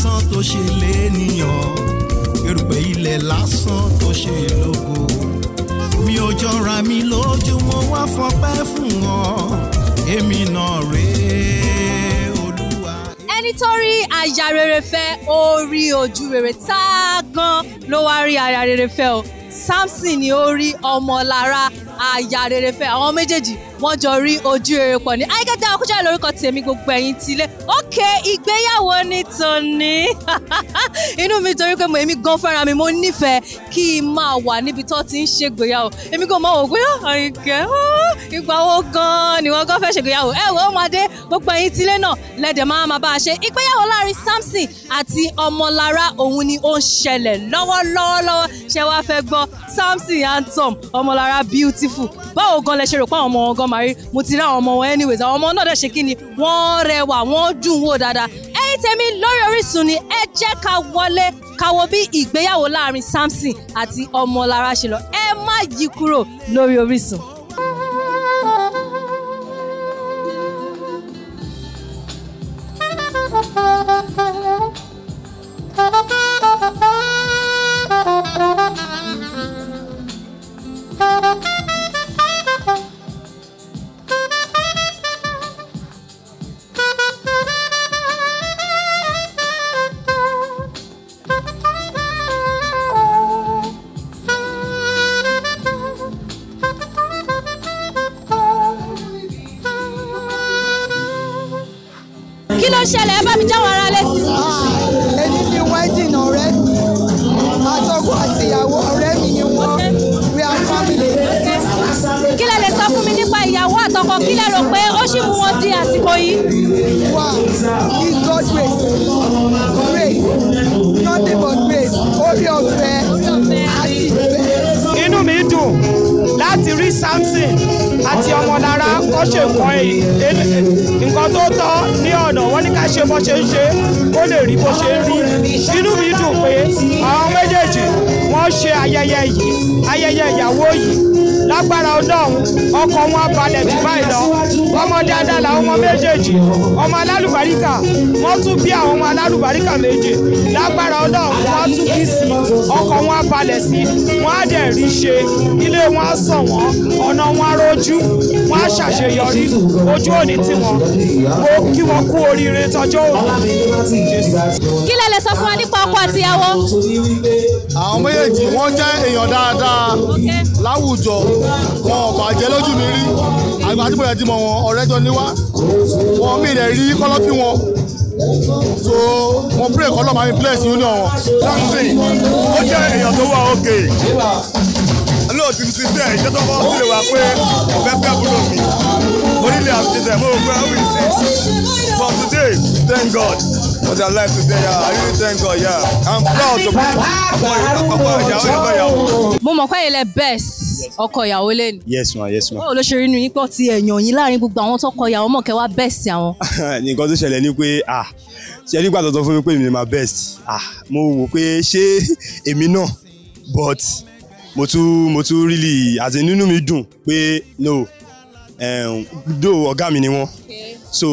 lásán tó ṣe léèyàn erùpẹ̀ ilẹ̀ lásán tó ṣe lógo mi ò jọra mi lójú mo wá fọpẹ́ fún ọ èmi náà rèé olúwa. ẹni tó rí aya rere fẹ́ ó rí ojú rere tá a gan ló wá rí aya rere fẹ́ o Samson ni ó rí ọmọ aya rere fẹ́ àwọn méjèèjì wọ́n jọ rí ojú rere pọ̀ ní ayíkẹ́tẹ́ ọkújàre lórúkọ tèmi gbogbo ẹ̀yin tilé ókè ìgbéyàwó ni tòní inú mi torí pé mo èmi gan fẹ́ra mi mo nífẹ̀ẹ́ kí n máa wà níbi tó ti ń ṣègbéyàwó èmi kò mọ̀ wò pé Àyìnkẹ́ ah, ah, ìgbà wo gan ni wọ́n gan fẹ́ ṣègbéyàwó ẹ wò ó máa dé gbogbo ẹ̀yin tilé náà lẹ́dẹ̀ máa máa bá a ṣe ìgbéyàwó láàrin Samson àti Ọmọlára òun ni ó ń ṣẹlẹ̀ lọ́wọ́lọ́wọ́lọ́wọ́ ṣé wàá fẹ́ gbọ́ Samson and Tom Ọmọlára beautiful beautiful báwo gan lẹ ṣe rò pé àwọn ọmọ wọn gan máa rí mo ti rí àwọn ọmọ wọn anyways àwọn ọmọ náà dẹ̀ ṣe kí ni wọ́n rẹwà wọ́n dùn wò dáadáa ẹ̀yin tèmi lórí Orísun ni ẹ jẹ́ ká wọlé ká wo bí ìgbéyàwó láàrin Samson àti Ọmọlára ṣe lọ ẹ má yí kúrò lórí Orísun. is God grace grace nothing but grace orí ọ̀fẹ́ àti ìfẹ́. inú mi dùn láti rí Samson àti Ọmọlára kọ́ ṣe nǹkan nǹkan tó tọ́ ní ọ̀nà wọn ní ká ṣe bó ṣe ń ṣe kó lè rí bó ṣe ń rí inú mi dùn pé àwọn méjèèjì wọ́n ṣe ayẹyẹ yìí ayẹyẹ ìyàwó yìí lágbára ọlọ́run ọkọ̀ wọn balẹ̀ jù báyìí lọ ọmọ dáadáa làwọn ọmọ méjèèjì ọmọ alálùbáríkà wọ́n tún bí àwọn ọmọ alálùbáríkà méje lágbára ọlọ́run wọ́n tún bí sí ọkọ̀ wọn balẹ̀ sí wọ́n á dẹ̀ rí ṣe ilé wọn á sàn wọ́n ọ̀nà wọn á rojú wọ́n á ṣàṣeyọrí ojú òní tí wọn mo kí wọn kú oríire tọjọ́ òní. kí lẹ lè sọ fún wa nípa ọkọ àtìyàwó. àwọn méjèèjì wọ́n jẹ́ èèyàn dáadáa láwùjọ wọn ò bàjẹ́ lójú mi rí àgbà tí mo yẹ wọn ọ̀rẹ́ jọ níwá wọn mi rẹ̀ rí kọ́lọ́fín wọn so mo pray kọ́lọ́ máa mi bless union wọn. Samson ó jẹ́ èèyàn tó wà òkè olóòtú ti sẹ́ ìjọ tó kọ́ sílẹ̀ wá pé ọ̀fẹ́ fẹ́ mi onílé àbújẹsẹ̀ mo rò pé ó wìn sí but today thank God for their life today yeah. I really thank God yeah. I'm proud to be ọmọ ìyá pàpà ìyàwó ìgbà mo mọ̀ pé ilẹ̀ best ọkọ ìyàwó lẹ́nu. yes ma yes ma. báwo ló ṣe rí inú yín pọ̀ ti ẹ̀yàn yín láàrin gbogbo àwọn tọkọ ìyàwó mọ̀ kẹ́ wá best àwọn. nǹkan tó ṣẹlẹ̀ ni pé ah ṣe nígbà tó sọ fún mi pé èmi ni ma best ah mo wò pé ṣé èmi náà but mo tún mo tún really àti nínú mi dùn pé no do um, ọ̀gá mi ni wọ́n so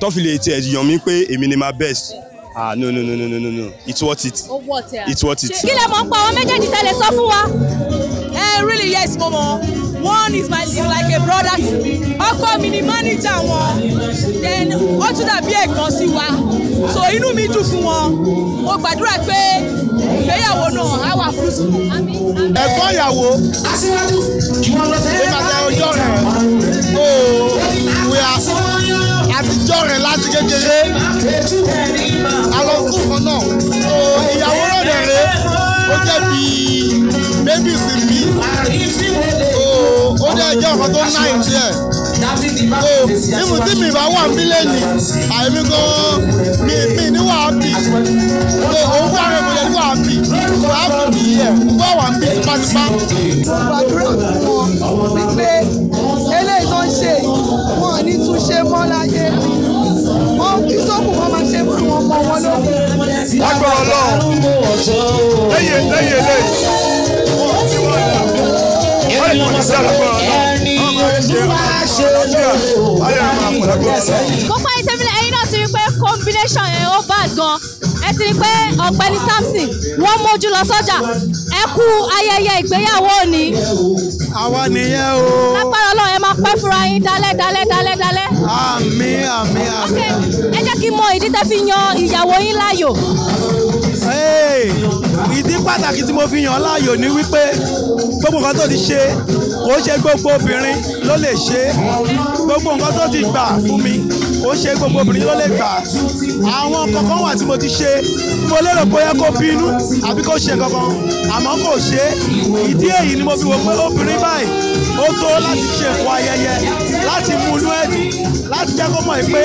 tọ́fìlẹ̀ tiẹ̀ yàn mí pé èmi ni ma best. ah no no no no no no it's worth it. ó wọ̀ tẹ́ it's worth it. kí lè mọ̀ pa àwọn méjèèjì tẹ́lẹ̀ sọ fún wa really yes mama one is my is like a brother to me ọkọ mi ni manager wọn then ó tún dàbí ẹ̀gbọ́n sí wa so inú mi dùn fún wọn mo gbàdúrà pé ìgbéyàwó náà á wà fún sùn. ẹ̀gbọ́n ìyàwó aṣíwájú nípasẹ̀ ọjọ́ rẹ̀ ooo oh, wíwá àtijọ́ rẹ̀ láti kékeré alọ́kùnkan náà ooo oh, ìyàwó náà dẹ̀ rẹ̀ ó jẹ́ bí bébí sí mi ó jẹ́ ẹjọ́ kan tó náì díẹ̀ so oh, nígbà tí mi bá wà mí lẹ́nu àìmí gan mi mi ní wà á bì so òun wà rẹ̀ mo yẹ ní wà á bì wà á bì mí yẹ wọ́n wà mí tipátipá. gbàdúrà fún wọn wípé eléyìí tó ń ṣe wọn ò ní túnṣe mọ́ láyé lágbára ọlọ́run lẹ́yìn lẹ́yìn lẹ́yìn wọ́n ní kò sí àlágbára ọlọ́run kópa ìtẹ́mílẹ̀ ẹ̀yin náà ti rí pé combination yẹn ó ti rí pé ọ̀gbẹ́ni Samson wọ́n mójú lọ sọ́jà ẹ kú ayẹyẹ ìgbéyàwó òní. àwa nìyẹn o. lápára ọlọ́run ẹ máa pẹ́ fúnra yín dalẹ́ dalẹ́ dalẹ́ dalẹ́. àmín àmín àmín. ẹ jẹ́ kí n mọ ìdí tẹ́ fi yan ìyàwó yín láàyò ìdí pàtàkì tí mo fi yàn láàyò ni wípé gbogbo nǹkan tó ti ṣe kò ṣe gbogbo obìnrin ló lè ṣe gbogbo nǹkan tó ti gbà fún mi kò ṣe gbogbo obìnrin ló lè gbà àwọn kankan wà tí mo ti ṣe mo lérò pé ó yẹ kó bínú àbí kó ṣe kankan àmọ́ kò ṣe ìdí èyí ni mo fi wò pé obìnrin báyìí ó tó láti ṣe ẹ̀kọ́ ayẹyẹ láti mú inú ẹ̀dùn láti jẹ́ kó mọ̀ pé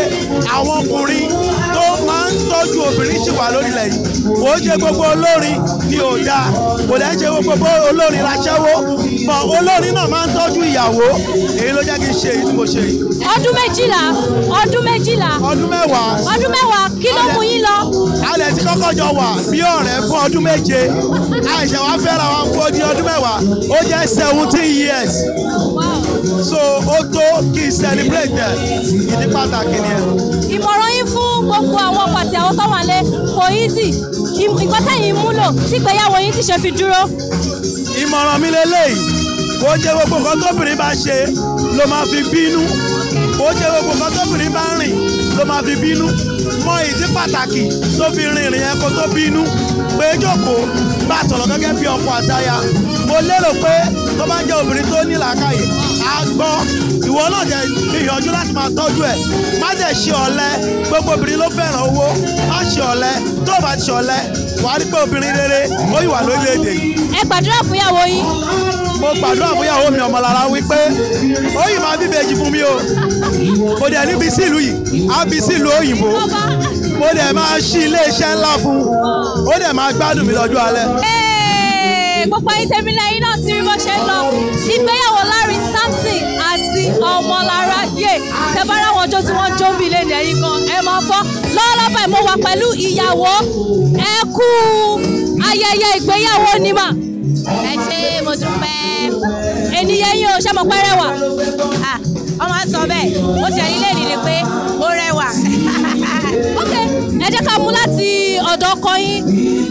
àwọn ọkùnrin tó máa ń tọ́jú obìnrin ṣì wà lórílẹ̀ yìí kò ṣe gbogbo olórin ni ò dáa kò dẹ́ ṣe gbogbo olórin raṣẹ́wó mọ̀ olórin náà máa ń tọ́jú ìyàwó èyí ló jẹ́ kí n ṣe èyí tí mo ṣe yìí. ọdún méjìlá ọdún méjìlá. ọdún mẹ́wàá. ọdún mẹ́wàá kí ló mú yín lọ. a lè kọ́kọ́ jọ wà bí ọ̀rẹ́ fún ọdún méje àìṣe wa fẹ́ra wa fún ọdún ọdún mẹ́wàá ó jẹ́ seventeen years so ó tó kí n celebrate ẹ̀ ìdí pàtàkì ni ẹ. ìmọ̀ràn yín fún gbogbo àwọn pàtì àwọn tó wà lé kò easy ìgbọ́tẹ̀yìn múlò tí ìgbéyàwó yín ti ṣe fi dúró. ìmọ̀ràn mi lélẹ́yìí kò jẹ́ gbogbo nǹkan tóbìnrin bá ṣe ló máa fi bínú ó ṣe gbogbo nǹkan tóbìnrin bá ń rìn ló máa fi bínú mọ ìdí pàtàkì tó fi rìn rìn ẹ̀kọ́ tó bínú pé jókòó bá sọ̀rọ̀ gẹ́gẹ́ bí ọkọ àtaya mo lérò pé tó bá jẹ́ obìnrin tó ní làákàyè á ìwọ náà jẹ́ máa tọ́jú ẹ̀ má dẹ̀ ṣe ọ̀lẹ gbogbo obìnrin ló fẹ́ràn owó má ṣe ọ̀lẹ tó bá ṣe ọ̀lẹ wàá rí pé obìnrin rere ó yìí wà lórílẹ̀‐èdè ẹ gbàdúrà fún yín. mo gbàdúrà fún ìyàwó mi ọmọlára wípé ó yìí máa bíbejì fún mi o mo dẹ̀ níbi sílùú yìí á bí sílùú òyìnbó mo dẹ̀ máa ṣí iléeṣẹ́ ńlá fún ó dẹ̀ máa gbádùn mi lọ́jọ́ alẹ́. gbogbo ayé tẹ̀mí lẹ́yìn náà sí ọmọlára yé tẹ́bára wọn jó tí wọ́n jó mi lé ní ẹ̀yìn kan ẹ máa fọ́ lọ́wọ́lọ́wọ́ báyìí mo wà pẹ̀lú ìyàwó ẹ kú ayẹyẹ ìgbéyàwó ni mà. ẹ ṣe mo dúpẹ́. ènìyàn yín o ṣé mo pẹ́ rẹwà. ọmọ sọ bẹ́ẹ̀ ó ti ẹni léèrè ni pé ó rẹwà. ok ẹ jẹ́ ká mú láti ọ̀dọ̀ ọkọ yín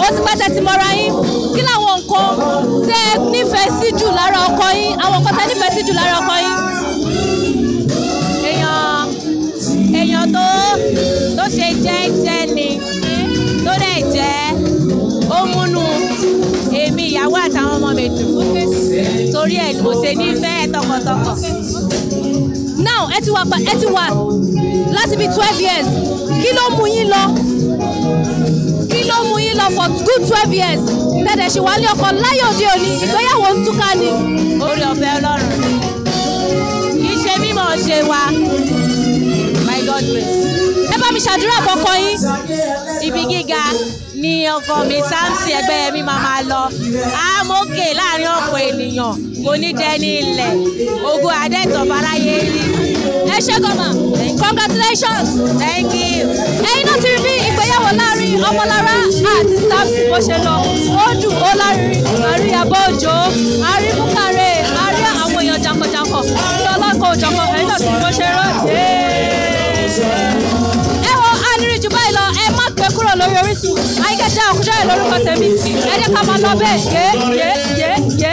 ó ti pẹ́ tẹ́tí mọ́ra yín kí làwọn nǹkan tẹ́ nífẹ̀ẹ́ sí jù lára ọkọ yín àwọn nǹkan tẹ́ nífẹ̀ẹ́ sí jù lára ọkọ yín. tó tó ṣe jẹ́jẹ́ ni tó dẹ̀ jẹ́ ó múnú èmi ìyàwó àtàwọn ọmọ mi dùn torí ẹ̀ ni mo ṣe nífẹ̀ẹ́ tọkàntọkàn. now ẹ ti wà pa ẹ ti wà láti bí twelve years kí ló mú yín lọ kí ló mú yín lọ for good twelve years tẹ̀dẹ̀ ṣì wálé ọkọ láyọ̀ òde òní ìgbéyàwó ń túká ni. orí ọ̀fẹ́ ọlọ́run kì í ṣe mímọ̀ ṣe wa. God bless. ẹ bá mi ṣàdúrà kọ́kọ́ yín ibi gíga ni ọkọ mi Samson Ẹgbẹ́yẹmí máa máa lọ àmókè láàrin ọ̀pọ̀ ènìyàn kò ní jẹ́ ní ilẹ̀ ogun adẹ́tọ̀ faráyé rí ẹ ṣé gọ́mà congratulations thank you ẹ̀yin náà ti rí bí ìgbéyàwó láàrin ọmọlára àti Samson bó ṣe lọ ó dùn ó láàrin Maria bọ́jọ́ àríkúkàrẹ́. Mákẹ́ṣà Òkúṣẹ́rẹ́ lórúkọ tèmi. Ẹ jẹ́ ká máa lọ bẹ́ẹ̀ yé yé yé yé.